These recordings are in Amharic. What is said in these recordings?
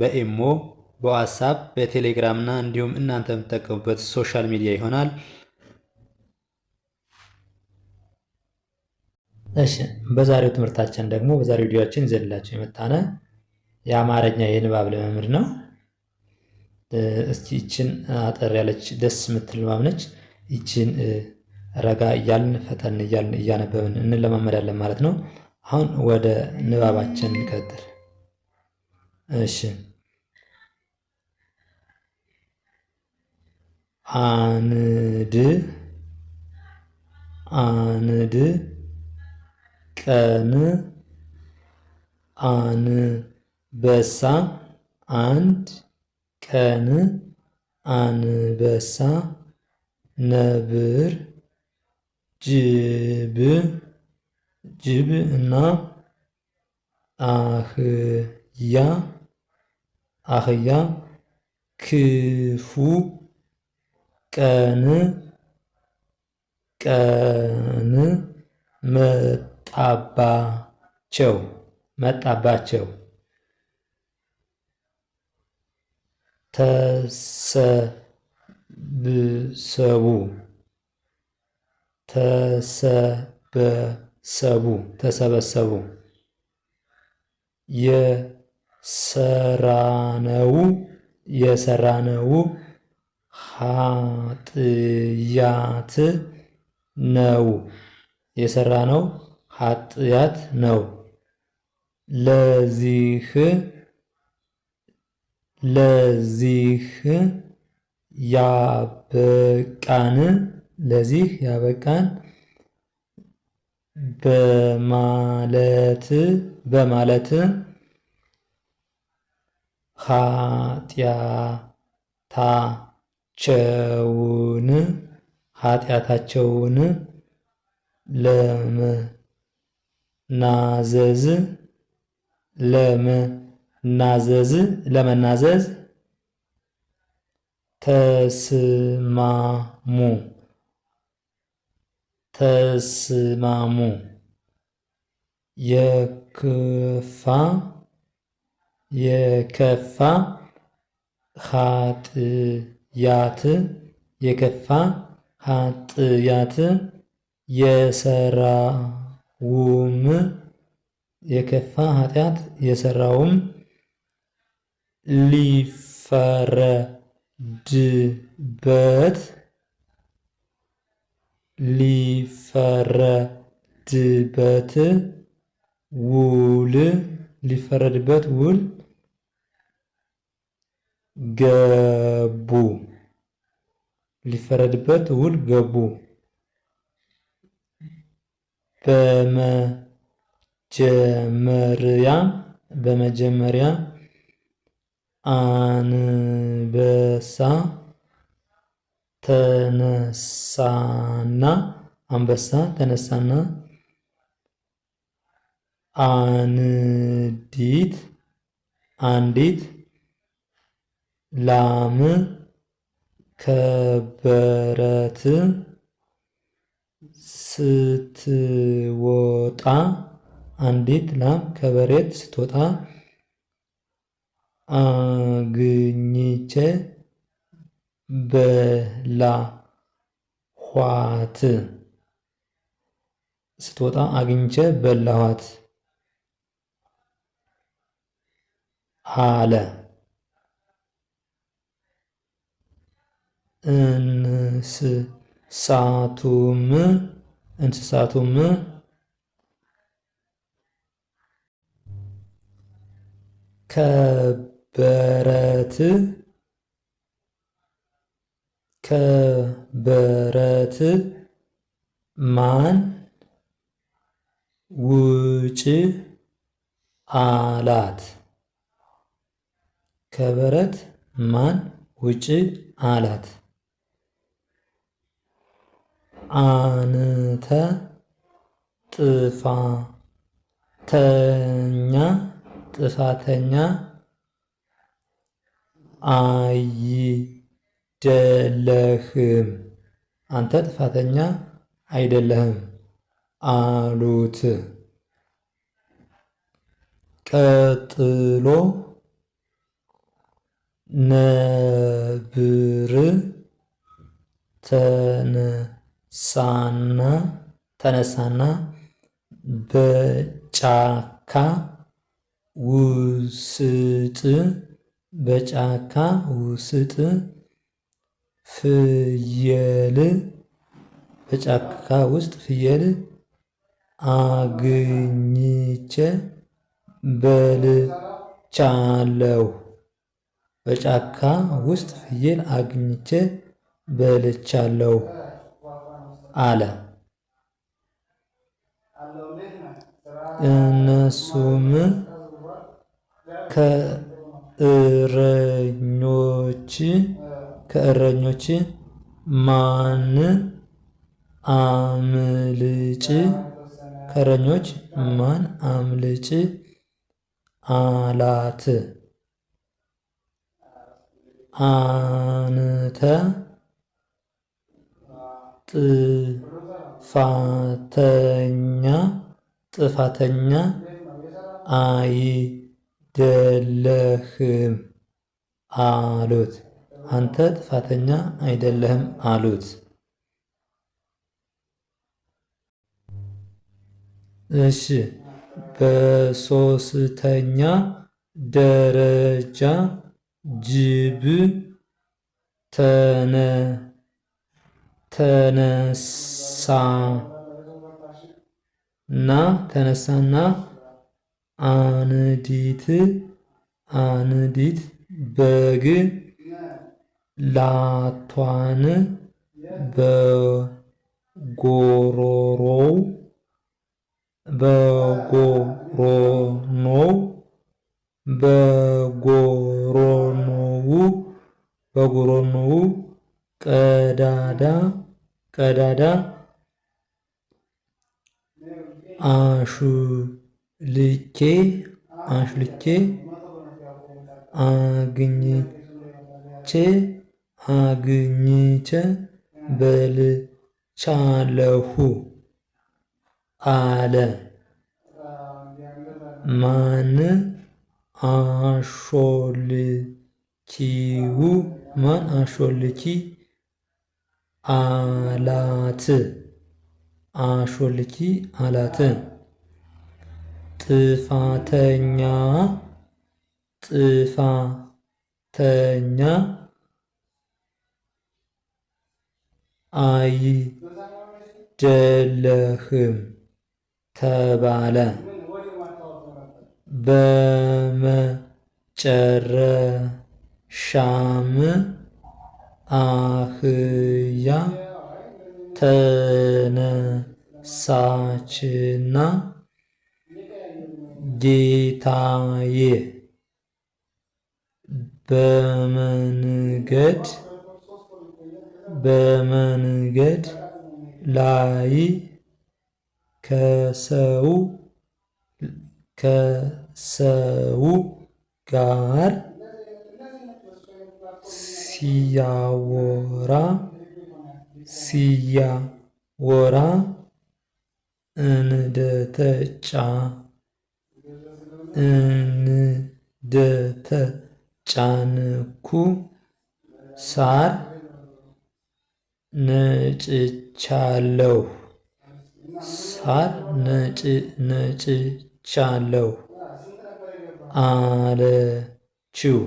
በኤሞ በዋትሳፕ በቴሌግራም እና እንዲሁም እናንተ የምትጠቀሙበት ሶሻል ሚዲያ ይሆናል። እሺ በዛሬው ትምህርታችን ደግሞ በዛሬው ቪዲዮአችን ይዘንላቸው የመጣነ የአማርኛ የንባብ ልምምድ ነው። እስቲ ይችን አጠር ያለች ደስ የምትል ንባብ ነች። ይችን ረጋ እያልን ፈተን እያልን እያነበብን እንለማመዳለን ማለት ነው። አሁን ወደ ንባባችን እንቀጥል። እሺ አንድ አንድ ቀን አንበሳ አንድ ቀን አንበሳ ነብር ጅብ ጅብ እና አህያ አህያ ክፉ ቀን ቀን መጣባቸው መጣባቸው ተሰብሰቡ ተሰበሰቡ ተሰበሰቡ ሰራነው የሰራነው ሀጥያት ነው የሰራነው ሀጥያት ነው። ለዚህ ለዚህ ያበቃን ለዚህ ያበቃን በማለት በማለት ኃጢአታቸውን ኃጢአታቸውን ለመናዘዝ ለመናዘዝ ለመናዘዝ ተስማሙ ተስማሙ የክፋ የከፋ ኃጥያት የከፋ ኃጥያት የሰራውም የከፋ ኃጢያት የሰራውም ሊፈረድበት ሊፈረድበት ውል ሊፈረድበት ውል ገቡ ሊፈረድበት ውል ገቡ። በመጀመሪያ በመጀመሪያ አንበሳ ተነሳና አንበሳ ተነሳና አንዲት አንዲት ላም ከበረት ስትወጣ አንዲት ላም ከበረት ስትወጣ አግኝቼ በላኋት። ስትወጣ አግኝቼ በላኋት አለ። እንስሳቱም እንስሳቱም ከበረት ከበረት ማን ውጭ አላት። ከበረት ማን ውጭ አላት። አንተ ጥፋተኛ ጥፋተኛ አይደለህም አንተ ጥፋተኛ አይደለህም አሉት። ቀጥሎ ነብር ተነ ሳና ተነሳና በጫካ ውስጥ በጫካ ውስጥ ፍየል በጫካ ውስጥ ፍየል አግኝቼ በልቻለሁ። በጫካ ውስጥ ፍየል አግኝቼ በልቻለሁ። አለ። እነሱም ከእረኞች ከእረኞች ማን አምልጭ ከእረኞች ማን አምልጭ አላት አንተ ጥፋተኛ ጥፋተኛ አይደለህም አሉት። አንተ ጥፋተኛ አይደለህም አሉት። እሺ በሶስተኛ ደረጃ ጅብ ተነ ና ተነሳና አንዲት አንዲት በግ ላቷን በጎሮሮው በጎሮኖው በጎሮኖው በጎሮኖው ቀዳዳ ቀዳዳ አሹልኬ አሹልኬ አግኝቼ አግኝቼ በልቻለሁ አለ። ማን አሾልኪው ማን አሾልኪ አላት አሾልኪ አላት። ጥፋተኛ ጥፋተኛ አይደለህም ተባለ። በመጨረሻም አህያ ተነሳችና ጌታዬ በመንገድ በመንገድ ላይ ከሰው ከሰው ጋር ሲያወራ ሲያወራ እንደተጫ እንደተጫንኩ ሳር ነጭቻለሁ ሳር ነጭ ነጭቻለሁ አለችው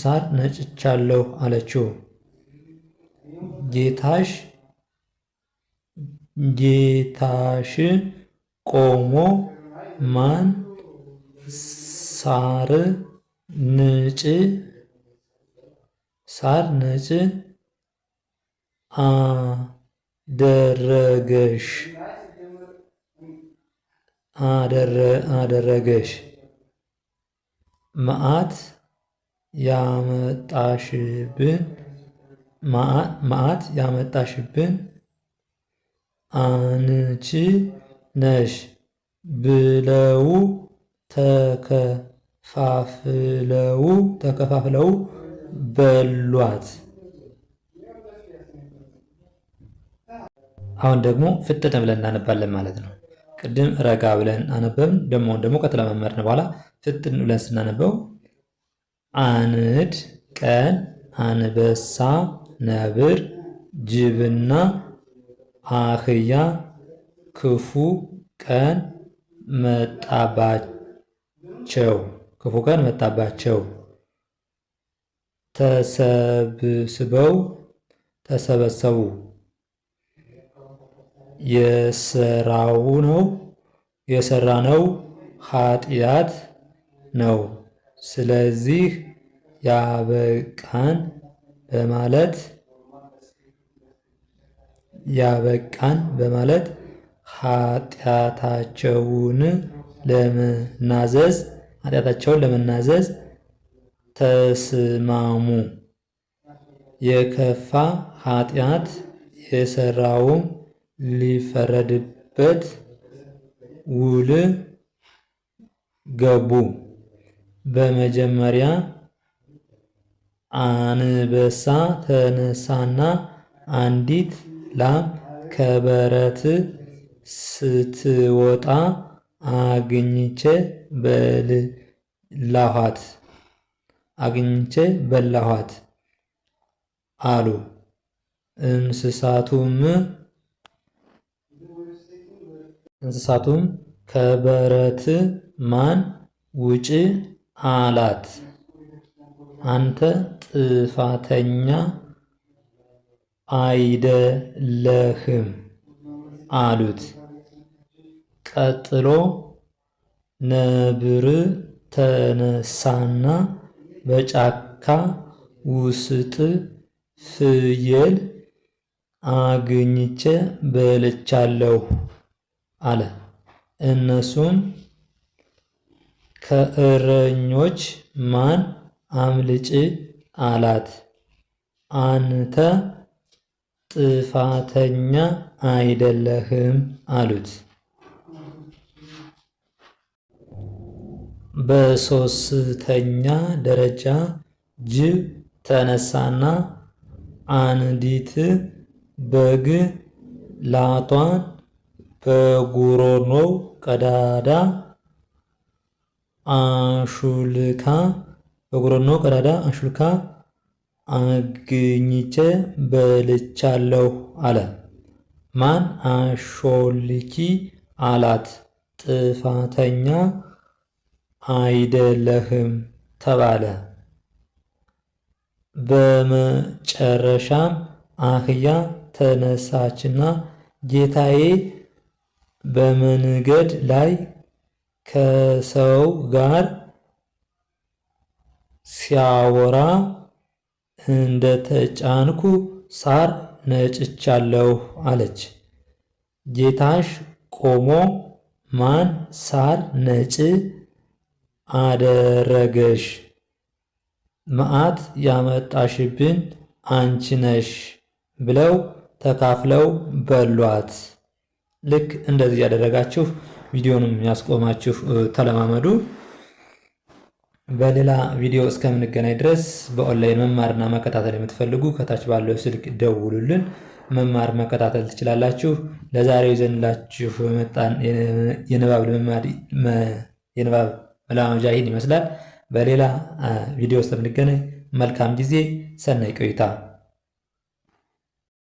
ሳር ነጭቻለሁ አለችው። ጌታሽ ጌታሽ ቆሞ ማን ሳር ንጭ ሳር ነጭ አደረገሽ አደረገሽ መዓት ያመጣሽብን መዓት ያመጣሽብን አንቺ ነሽ ብለው ተከፋፍለው ተከፋፍለው በሏት። አሁን ደግሞ ፍጥን ብለን እናነባለን ማለት ነው። ቅድም ረጋ ብለን አነበብን። ደግሞ ደግሞ ከተለማመድን በኋላ ፍጥን ብለን ስናነበው አንድ ቀን አንበሳ፣ ነብር፣ ጅብና አህያ ክፉ ቀን መጣባቸው ክፉ ቀን መጣባቸው። ተሰብስበው ተሰበሰቡ የሰራው ነው የሰራ ነው ኃጢአት ነው። ስለዚህ ያበቃን በማለት ያበቃን በማለት ኃጢአታቸውን ለመናዘዝ ኃጢአታቸውን ለመናዘዝ ተስማሙ። የከፋ ኃጢአት የሰራውም ሊፈረድበት ውል ገቡ። በመጀመሪያ አንበሳ ተነሳና አንዲት ላም ከበረት ስትወጣ አግኝቼ በላኋት አግኝቼ በላኋት አሉ። እንስሳቱም እንስሳቱም ከበረት ማን ውጪ አላት። አንተ ጥፋተኛ አይደለህም አሉት። ቀጥሎ ነብር ተነሳና በጫካ ውስጥ ፍየል አግኝቼ በልቻለሁ አለ። እነሱም ከእረኞች ማን አምልጭ አላት። አንተ ጥፋተኛ አይደለህም አሉት። በሶስተኛ ደረጃ ጅብ ተነሳና አንዲት በግ ላቷን በጉሮኖው ቀዳዳ አሹልካ በጉረኖ ቀዳዳ አሹልካ አግኝቼ በልቻለሁ አለ። ማን አሾልኪ አላት። ጥፋተኛ አይደለህም ተባለ። በመጨረሻም አህያ ተነሳችና ጌታዬ በመንገድ ላይ ከሰው ጋር ሲያወራ እንደተጫንኩ ሳር ነጭቻለሁ አለች። ጌታሽ ቆሞ ማን ሳር ነጭ አደረገሽ? መዓት ያመጣሽብን አንቺ ነሽ ብለው ተካፍለው በሏት። ልክ እንደዚህ ያደረጋችሁ ቪዲዮንም ያስቆማችሁ ተለማመዱ። በሌላ ቪዲዮ እስከምንገናኝ ድረስ በኦንላይን መማርና መከታተል የምትፈልጉ ከታች ባለው ስልክ ደውሉልን። መማር መከታተል ትችላላችሁ። ለዛሬው ይዘንላችሁ መጣን የንባብ ልምምድ የንባብ መላመጃ ይህን ይመስላል። በሌላ ቪዲዮ እስከምንገናኝ መልካም ጊዜ፣ ሰናይ ቆይታ